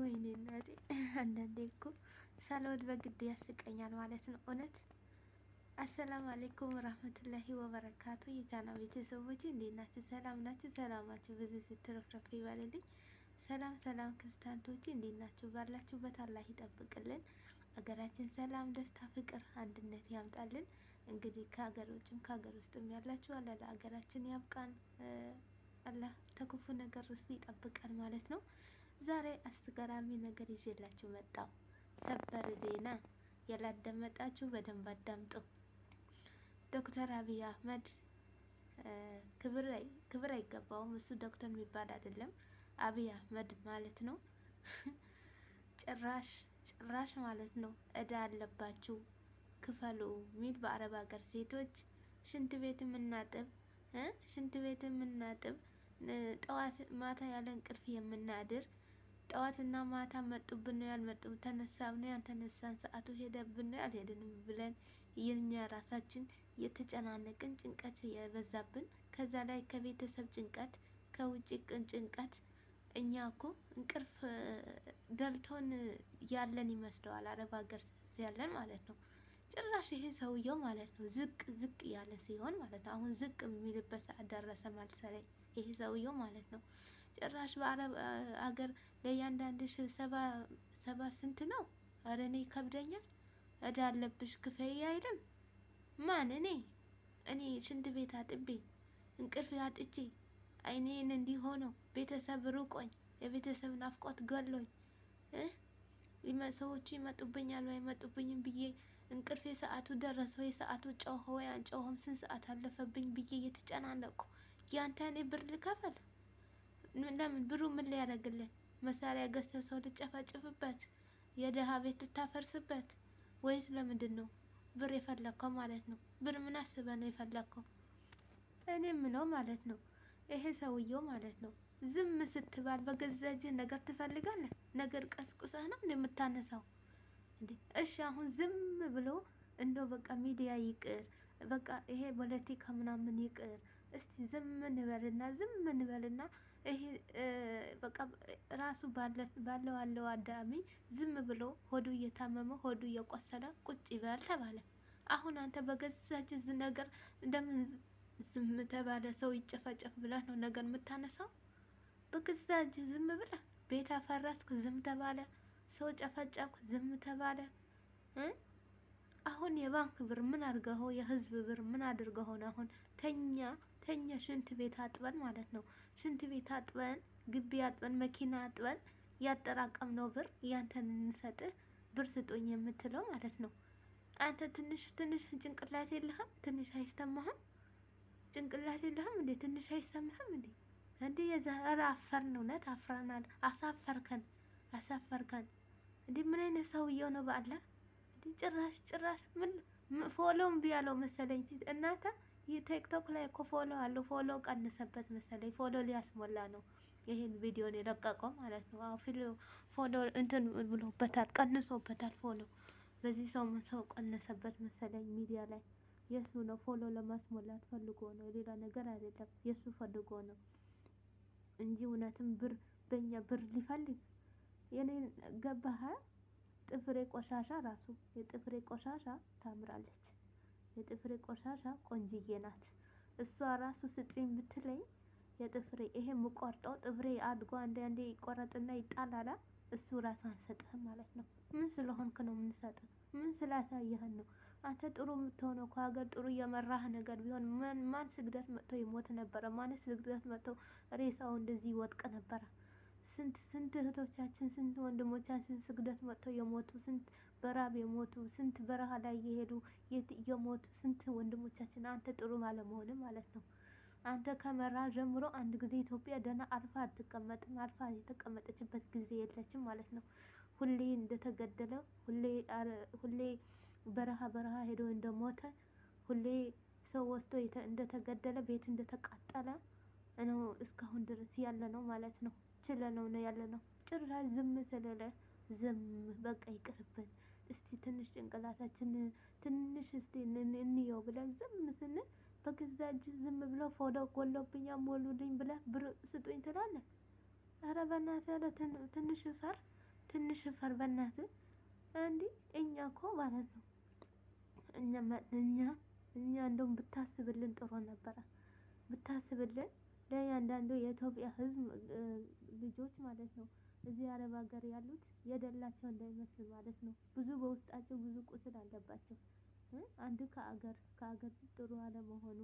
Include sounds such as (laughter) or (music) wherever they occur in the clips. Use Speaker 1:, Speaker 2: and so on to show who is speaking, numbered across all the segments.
Speaker 1: ወይኔ (laughs) እናቴ፣ አንዳንዴ እኮ ሳልወድ በግድ ያስቀኛል ማለት ነው እውነት። አሰላሙ አሌይኩም ወራህመቱላሂ ወበረካቱ። የቻና ቤተሰቦች እንዴት ናችሁ? ሰላም ናቸው ሰላማችሁ ብዙ ስትረፍረፍ ይበልልኝ። ሰላም ሰላም ክርስቲያንቶች እንዴት ናችሁ? ባላችሁበት አላህ ይጠብቅልን። ሀገራችን ሰላም፣ ደስታ፣ ፍቅር፣ አንድነት ያምጣልን። እንግዲህ ከሀገር ውጭም ከሀገር ውስጥም ያላችሁ አላህ ለሀገራችን ያብቃን። አላህ ተክፉ ነገር እሱ ይጠብቃል ማለት ነው። ዛሬ አስገራሚ ነገር ይዤላችሁ መጣው። ሰበር ዜና ያላደመጣችሁ በደንብ አዳምጡ። ዶክተር አብይ አህመድ ክብር አይገባውም። እሱ ዶክተር የሚባል አይደለም አብይ አህመድ ማለት ነው። (laughs) ጭራሽ ጭራሽ ማለት ነው እዳ አለባችሁ ክፈሉ ሚል በአረብ ሀገር ሴቶች ሽንት ቤት የምናጥብ ሽንት ቤት የምናጥብ ጠዋት ማታ ያለ እንቅልፍ የምናድር ጠዋትና ማታ መጡብን ነው ያልመጡብን፣ ተነሳን ነው ያልተነሳን፣ ሰዓቱ ሄደብን ነው ያልሄድንም ብለን የኛ ራሳችን የተጨናነቅን ጭንቀት የበዛብን ከዛ ላይ ከቤተሰብ ጭንቀት ከውጭ ጭንቀት እኛ እኮ እንቅልፍ ደልቶን ያለን ይመስለዋል። አረብ ሀገር ያለን ማለት ነው። ጭራሽ ይሄ ሰውየው ማለት ነው ዝቅ ዝቅ ያለ ሲሆን ማለት ነው። አሁን ዝቅ የሚልበት ሰዓት ደረሰ መሰለኝ። ይሄ ሰውየው ማለት ነው። ጭራሽ በአረብ አገር ለእያንዳንድሽ ሰባ ሰባ ስንት ነው? አረ እኔ ይከብደኛል። እዳ አለብሽ ክፈይ አይልም። ማን እኔ እኔ ሽንት ቤት አጥቤ እንቅልፍ አጥቼ አይኔን እንዲሆነው ቤተሰብ ርቆኝ የቤተሰብ ናፍቆት ገሎኝ ሰዎቹ ይመጡብኛል ወይ አይመጡብኝም ብዬ እንቅልፍ የሰዓቱ ደረሰ ወይ ሰዓቱ ጮኸ ወይ አንጮኸም ስንት ሰዓት አለፈብኝ ብዬ እየተጨናነቅኩ ያንተን ብር ልከፈል? ለምን ብሩ ምን ሊያደርግልን? መሳሪያ ገዝተ ሰው ልጨፈጭፍበት? የድሀ ቤት ልታፈርስበት? ወይስ ለምንድን ነው ብር የፈለግከው ማለት ነው? ብር ምን አስበ ነው የፈለግከው? እኔ ምለው ማለት ነው ይሄ ሰውየው ማለት ነው ዝም ስትባል በገዛ እጅህ ነገር ትፈልጋለህ? ነገር ቀስቁሰህ ነው እንደምታነሳው እሺ አሁን ዝም ብሎ እንደው በቃ ሚዲያ ይቅር፣ በቃ ይሄ ፖለቲካ ምናምን ይቅር እስቲ ዝም እንበልና ዝም እንበልና ይሄ በቃ ራሱ ባለው አለው አዳሚ ዝም ብሎ ሆዱ እየታመመ ሆዱ እየቆሰለ ቁጭ ይበል ተባለ። አሁን አንተ በገዛች ነገር እንደምን ዝም ተባለ። ሰው ይጨፈጨፍ ብለህ ነው ነገር የምታነሳው? በገዛች ዝም ብለህ ቤት አፈረስክ፣ ዝም ተባለ። ሰው ጨፈጨፍክ፣ ዝም ተባለ። አሁን የባንክ ብር ምን አድርገው የህዝብ ብር ምን አድርገው ነው አሁን ተኛ ተኛ ሽንት ቤት አጥበን ማለት ነው። ሽንት ቤት አጥበን፣ ግቢ አጥበን፣ መኪና አጥበን ያጠራቀምነው ብር ያንተን እንሰጥህ ብር ስጦኝ የምትለው ማለት ነው። አንተ ትንሽ ትንሽ ጭንቅላት የለህም? ትንሽ አይሰማህም? ጭንቅላት የለህም እንዴ? ትንሽ አይሰማህም እንዴ? እንዴ የዛ አፈር ነው እውነት አፍረናል። አሳፈርከን፣ አሳፈርከን። እንዴ ምን አይነት ሰውዬው ነው? በአላህ ጭራሽ ጭራሽ ምን ፎሎም ቢያለው መሰለኝ እናንተ ቲክቶክ ላይ እኮ ፎሎ አለው ፎሎ ቀንሰበት መሰለኝ። ፎሎ ሊያስሞላ ነው ይህን ቪዲዮን የለቀቀው ማለት ነው። አዎ ፎሎ እንትን ብሎበታል፣ ቀንሶበታል ፎሎ። በዚህ ሰው ሰው ቀንሰበት መሰለኝ ሚዲያ ላይ የሱ ነው። ፎሎ ለማስሞላት ፈልጎ ነው፣ ሌላ ነገር አይደለም። የሱ ፈልጎ ነው እንጂ እውነትም ብር በእኛ ብር ሊፈልግ የኔ ገባህ። ጥፍሬ ቆሻሻ ራሱ የጥፍሬ ቆሻሻ ታምራለች። የጥፍሬ ቆሻሻ ቆንጅዬ ናት። እሷ ራሱ ስጪኝ ብትለኝ የጥፍሬ ይሄ የምቆርጠው ጥፍሬ አድጎ አንዳንዴ ይቆረጥና ይጣላል? እሱ ራሱ አንሰጥህም ማለት ነው። ምን ስለሆንክ ነው የምንሰጥህ? ምን ስላሳየህን ነው? አንተ ጥሩ የምትሆነው ከሀገር ጥሩ እየመራህ ነገር ቢሆን ማን ስግደት መጥቶ ይሞት ነበረ? ማን ስግደት መጥቶ ሬሳው እንደዚህ ይወድቅ ነበረ? ስንት ስንት እህቶቻችን ስንት ወንድሞቻችን ስግደት መጥቶ የሞቱ ስንት በራብ የሞቱ ስንት በረሃ ላይ የሄዱ የሞቱ ስንት ወንድሞቻችን አንተ ጥሩ ባለመሆን ማለት ነው። አንተ ከመራ ጀምሮ አንድ ጊዜ ኢትዮጵያ ደህና አርፋ አትቀመጥም። አርፋ የተቀመጠችበት ጊዜ የለችም ማለት ነው። ሁሌ እንደተገደለ ሁሌ በረሃ በረሃ ሄዶ እንደሞተ ሁሌ ሰው ወስዶ እንደተገደለ ቤት እንደተቃጠለ ነው እስካሁን ድረስ ያለ ነው ማለት ነው። ችለ ነው ነው ያለ ነው። ጭራሽ ዝም ስለለ ዝም በቃ ይቅርብን። እስቲ ትንሽ ጭንቅላታችን ትንሽ እስቲ እንየው ብለን ዝም ስንል በገዛ እጅ ዝም ብለው ፎዳ ጎሎብኛ ሞሉልኝ ብለህ ብር ስጡኝ ትላለህ። ረ በእናትህ ትንሽ ፈር ትንሽ ፈር በእናትህ እንዲህ እኛ እኮ ማለት ነው እኛ እኛ እንደውም ብታስብልን ጥሩ ነበረ። ብታስብልን ለእያንዳንዱ የኢትዮጵያ ሕዝብ ልጆች ማለት ነው እዚህ አረብ ሀገር ያሉት የደላቸው እንዳይመስል ማለት ነው። ብዙ በውስጣቸው ብዙ ቁስል አለባቸው። አንዱ ከአገር ከአገር ጥሩ አለመሆኑ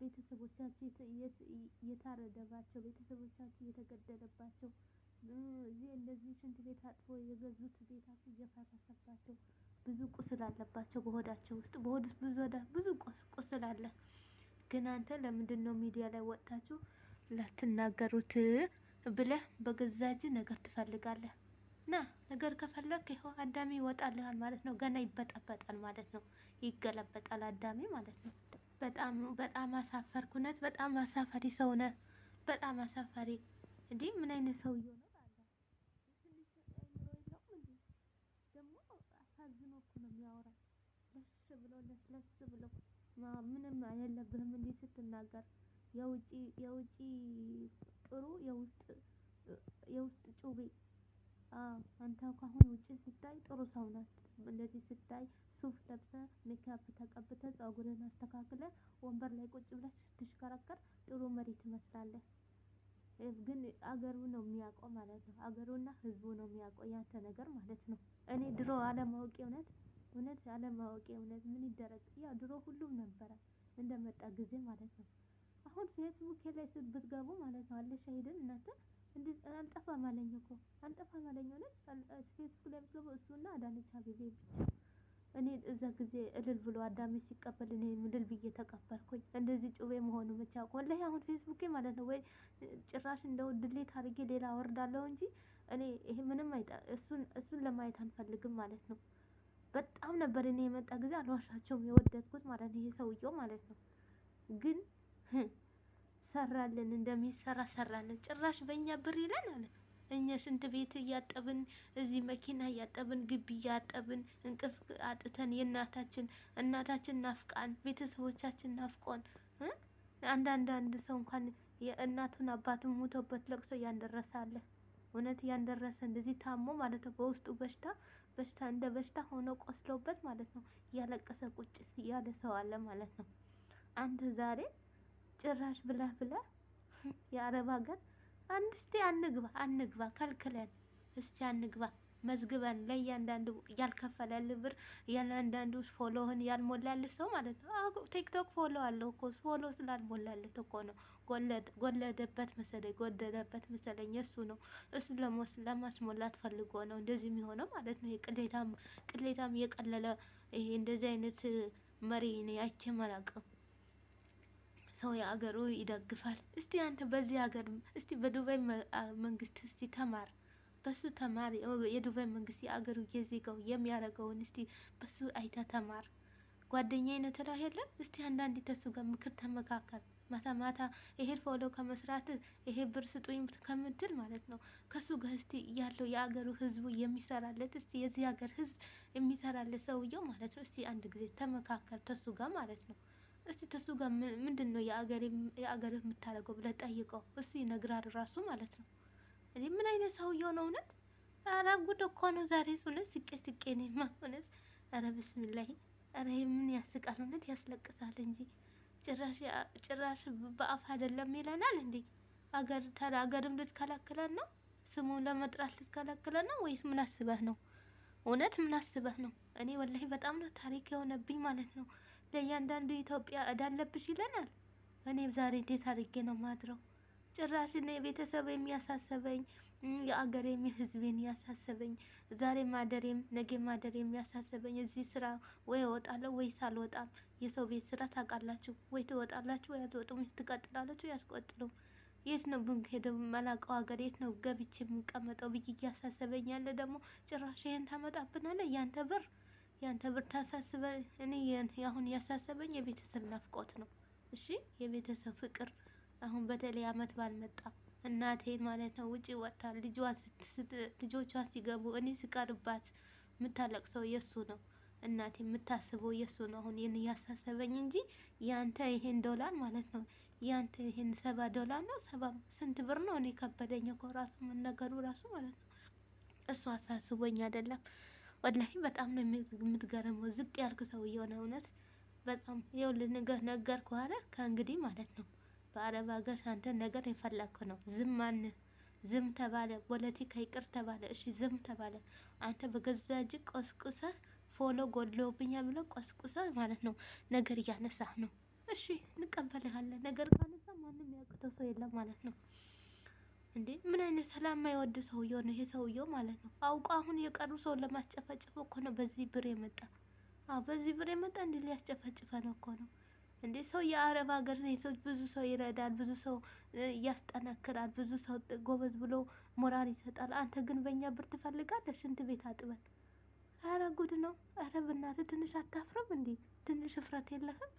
Speaker 1: ቤተሰቦቻቸው የታረደባቸው ቤተሰቦቻቸው የተገደለባቸው እዚህ እንደዚህ ሽንት ቤት አጥፎ የገዙት ቤታቸው እየፈረሰባቸው ብዙ ቁስል አለባቸው። በሆዳቸው ውስጥ በሆድ ውስጥ ብዙ ብዙ ቁስል አለ። ግን አንተ ለምንድን ነው ሚዲያ ላይ ወጥታችሁ ላትናገሩት? ብለህ በገዛ ነገር ትፈልጋለህ። ና ነገር ከፈለክ ይኸው አዳሚ ይወጣልሃል ማለት ነው። ገና ይበጣበጣል ማለት ነው። ይገለበጣል አዳሚ ማለት ነው። በጣም በጣም አሳፈርክ። እውነት በጣም አሳፋሪ ሰው ነህ። በጣም አሳፈሪ እንዲህ ምን አይነት ሰው ነው? ለስለስ ብሎ ምንም የለብህም እንዲህ ስትናገር የውጪ የውጪ ጥሩ የውስጥ የውስጥ ጩቤ አንተ ካሁን ውጭ ስታይ ጥሩ ሰው ነህ። እንደዚህ ስታይ ሱፍ ለብሰህ ሜካፕ ተቀብተህ ጸጉርህን አስተካክለህ ወንበር ላይ ቁጭ ብለ ስትሽከረከር ጥሩ መሪ ትመስላለህ። ግን አገሩ ነው የሚያውቀው ማለት ነው። አገሩና ህዝቡ ነው የሚያውቀው ያንተ ነገር ማለት ነው። እኔ ድሮ አለማወቄ እውነት እውነት አለማወቄ እውነት ምን ይደረግ ያ ድሮ ሁሉም ነበረ እንደመጣ ጊዜ ማለት ነው። አሁን ፌስቡክ ላይ ብትገቡ ማለት ነው አለሽ አይደል እናንተ እንዲህ አልጠፋም አለኝ እኮ አልጠፋም አለኝ ሆነ ፌስቡክ ላይ ብትገቡ እሱና አዳነች አቤቤ ብቻ እኔ እዛ ጊዜ እልል ብሎ አዳመች ሲቀበል እኔ እልል ብዬ ተቀበልኩኝ። እንደዚህ ጩቤ መሆኑ ብቻ ወላሂ አሁን ፌስቡኬ ማለት ነው ወይ ጭራሽ እንደው ድሌት አድርጌ ሌላ ወርዳለሁ እንጂ እኔ ይሄ ምንም አይጣ እሱን እሱን ለማየት አንፈልግም ማለት ነው። በጣም ነበር እኔ የመጣ ጊዜ አልዋሻቸውም የወደድኩት ማለት ነው ይሄ ሰውየው ማለት ነው ግን ሰራልን እንደሚሰራ ሰራልን። ጭራሽ በእኛ ብር ይለን አለ። እኛ ሽንት ቤት እያጠብን እዚህ መኪና እያጠብን ግቢ እያጠብን እንቅፍ አጥተን የእናታችን እናታችን ናፍቃን ቤተሰቦቻችን ናፍቆን አንዳንድ አንድ ሰው እንኳን የእናቱን አባቱን ሙቶበት ለቅሶ እያንደረሰ አለ። እውነት እያንደረሰ እንደዚህ ታሞ ማለት ነው። በውስጡ በሽታ በሽታ እንደ በሽታ ሆኖ ቆስሎበት ማለት ነው። እያለቀሰ ቁጭ እያለ ሰው አለ ማለት ነው። አንድ ዛሬ ጭራሽ ብለህ ብለህ የአረብ ሀገር አንድ እስቲ አንግባ አንግባ ከልክለን እስቲ አንግባ መዝግበን ለእያንዳንዱ ያልከፈለልህ ብር ያለአንዳንዱ ፎሎህን ያልሞላልህ ሰው ማለት ነው። ቲክቶክ ፎሎ አለው እኮ ፎሎ ስላልሞላልህ እኮ ነው። ጎለደበት መሰለኝ ጎደለበት መሰለኝ እሱ ነው። እሱ ለሞስ ለማስሞላት ፈልጎ ነው እንደዚህ የሚሆነው ማለት ነው። ቅሌታም ቅሌታም የቀለለ ይሄ እንደዚህ አይነት መሪ እኔ አይቼም አላውቅም። ሰው የአገሩ ይደግፋል። እስቲ አንተ በዚህ ሀገር እስቲ በዱባይ መንግስት እስቲ ተማር፣ በሱ ተማር። የዱባይ መንግስት የአገሩ የዜጋው የሚያደርገውን እስቲ በሱ አይተ ተማር። ጓደኛ አይነት ትለው የለም እስቲ አንዳንድ ተሱ ጋር ምክር ተመካከል። ማታ ማታ ይሄ ፎሎ ከመስራት ይሄ ብር ስጡኝ ከምትል ማለት ነው ከሱ ጋር እስቲ ያለው የአገሩ ህዝቡ የሚሰራለት እስቲ የዚህ ሀገር ህዝብ የሚሰራለት ሰውየው ማለት ነው እስቲ አንድ ጊዜ ተመካከል ተሱ ጋር ማለት ነው። እስቲ ተሱ ጋር ምንድን ነው የአገር የምታደርገው ብለህ ጠይቀው። እሱ ይነግራል ራሱ ማለት ነው። እኔ ምን አይነት ሰውየው ነው እውነት? ኧረ ጉድ እኮ ነው ዛሬ እውነት። ስቄ ስቄ እኔማ እውነት። አረ ብስሚላሂ አረ ምን ያስቃል እውነት፣ ያስለቅሳል እንጂ ጭራሽ በአፍ አይደለም ይለናል እንዴ። አገር ታዲያ አገርም ልትከላክለን ነው? ስሙን ለመጥራት ልትከላክለን ነው ወይስ ምን አስበህ ነው? እውነት ምን አስበህ ነው? እኔ ወላሂ በጣም ነው ታሪክ የሆነብኝ ማለት ነው። ለእያንዳንዱ ኢትዮጵያ እዳለብሽ ይለናል። እኔም ዛሬ እንዴት አድርጌ ነው ማድረው? ጭራሽ እኔ ቤተሰብ የሚያሳሰበኝ የአገሬም የሕዝቤን ያሳሰበኝ ዛሬ ማደሬም ነገ ማደሬም ያሳሰበኝ እዚህ ስራ ወይ እወጣለሁ ወይስ አልወጣም። የሰው ቤት ስራ ታውቃላችሁ ወይ ትወጣላችሁ ወይ አትወጡም፣ ትቀጥላላችሁ ያስቆጥሉም። የት ነው ብንሄደው መላቀው ሀገር የት ነው ገብቼ የምቀመጠው ብዬ እያሳሰበኝ ያለ ደግሞ ጭራሽ ይህን ታመጣብናለ ያንተ ብር ያንተ ብር ታሳስበ እኔ አሁን ያሳሰበኝ የቤተሰብ ናፍቆት ነው። እሺ የቤተሰብ ፍቅር አሁን በተለይ አመት ባልመጣ እናቴ ማለት ነው ውጪ ወጥታ ልጆቿ ሲገቡ እኔ ስቀርባት የምታለቅሰው የእሱ ነው። እናቴ የምታስበው የእሱ ነው። አሁን ይህን እያሳሰበኝ እንጂ ያንተ ይሄን ዶላር ማለት ነው ያንተ ይሄን ሰባ ዶላር ነው ሰባ ስንት ብር ነው? እኔ ከበደኝ እኮ ራሱ ነገሩ ራሱ ማለት ነው እሱ አሳስቦኝ አይደለም። ወላሂ በጣም ነው የምትገረመው። ዝቅ ያልክ ሰው የሆነ እውነት በጣም ይኸው ልንገር ነገር ከኋላ ከእንግዲህ ማለት ነው በአረብ ሀገር አንተ ነገር የፈለግክ ነው። ዝም ማን ዝም ተባለ፣ ፖለቲካ ይቅር ተባለ፣ እሺ ዝም ተባለ። አንተ በገዛ እጅ ቆስቁሰ ፎሎ ጎድሎብኛ ብሎ ቆስቁሰ ማለት ነው ነገር እያነሳህ ነው። እሺ እንቀበልሃለን። ነገር ካነሳ ማንም ያውቅተው ሰው የለም ማለት ነው። እንዴ ምን አይነት ሰላም የማይወድ ሰውየው ነው ይሄ ሰውየው ማለት ነው። አውቆ አሁን የቀሩ ሰው ለማስጨፈጭፈው እኮ ነው በዚህ ብር የመጣ አዎ፣ በዚህ ብር የመጣ እንዲ ሊያስጨፈጭፈን እኮ ነው። እንዴ ሰው የአረብ ሀገር ሰዎች ብዙ ሰው ይረዳል፣ ብዙ ሰው ያስጠነክራል፣ ብዙ ሰው ጎበዝ ብሎ ሞራል ይሰጣል። አንተ ግን በእኛ ብር ትፈልጋለህ? ሽንት ቤት አጥበን። አረ ጉድ ነው። አረ ብናትህ ትንሽ አታፍርም እንዴ? ትንሽ እፍረት የለህም?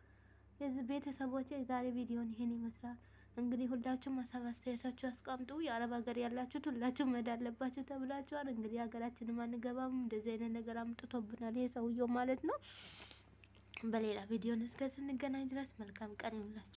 Speaker 1: ቤተሰቦቼ የዛሬ ቪዲዮን ይሄን ይመስላል። እንግዲህ ሁላችሁም ሀሳብ አስተያየታችሁ አስቀምጡ። የአረብ ሀገር ያላችሁት ሁላችሁ መሄድ አለባችሁ ተብላችኋል። እንግዲህ ሀገራችንም አንገባም እንደዚህ አይነት ነገር አምጥቶብናል ይሄ ሰውየው ማለት ነው። በሌላ ቪዲዮ እስከ ስንገናኝ ድረስ መልካም ቀን ይሁንላችሁ።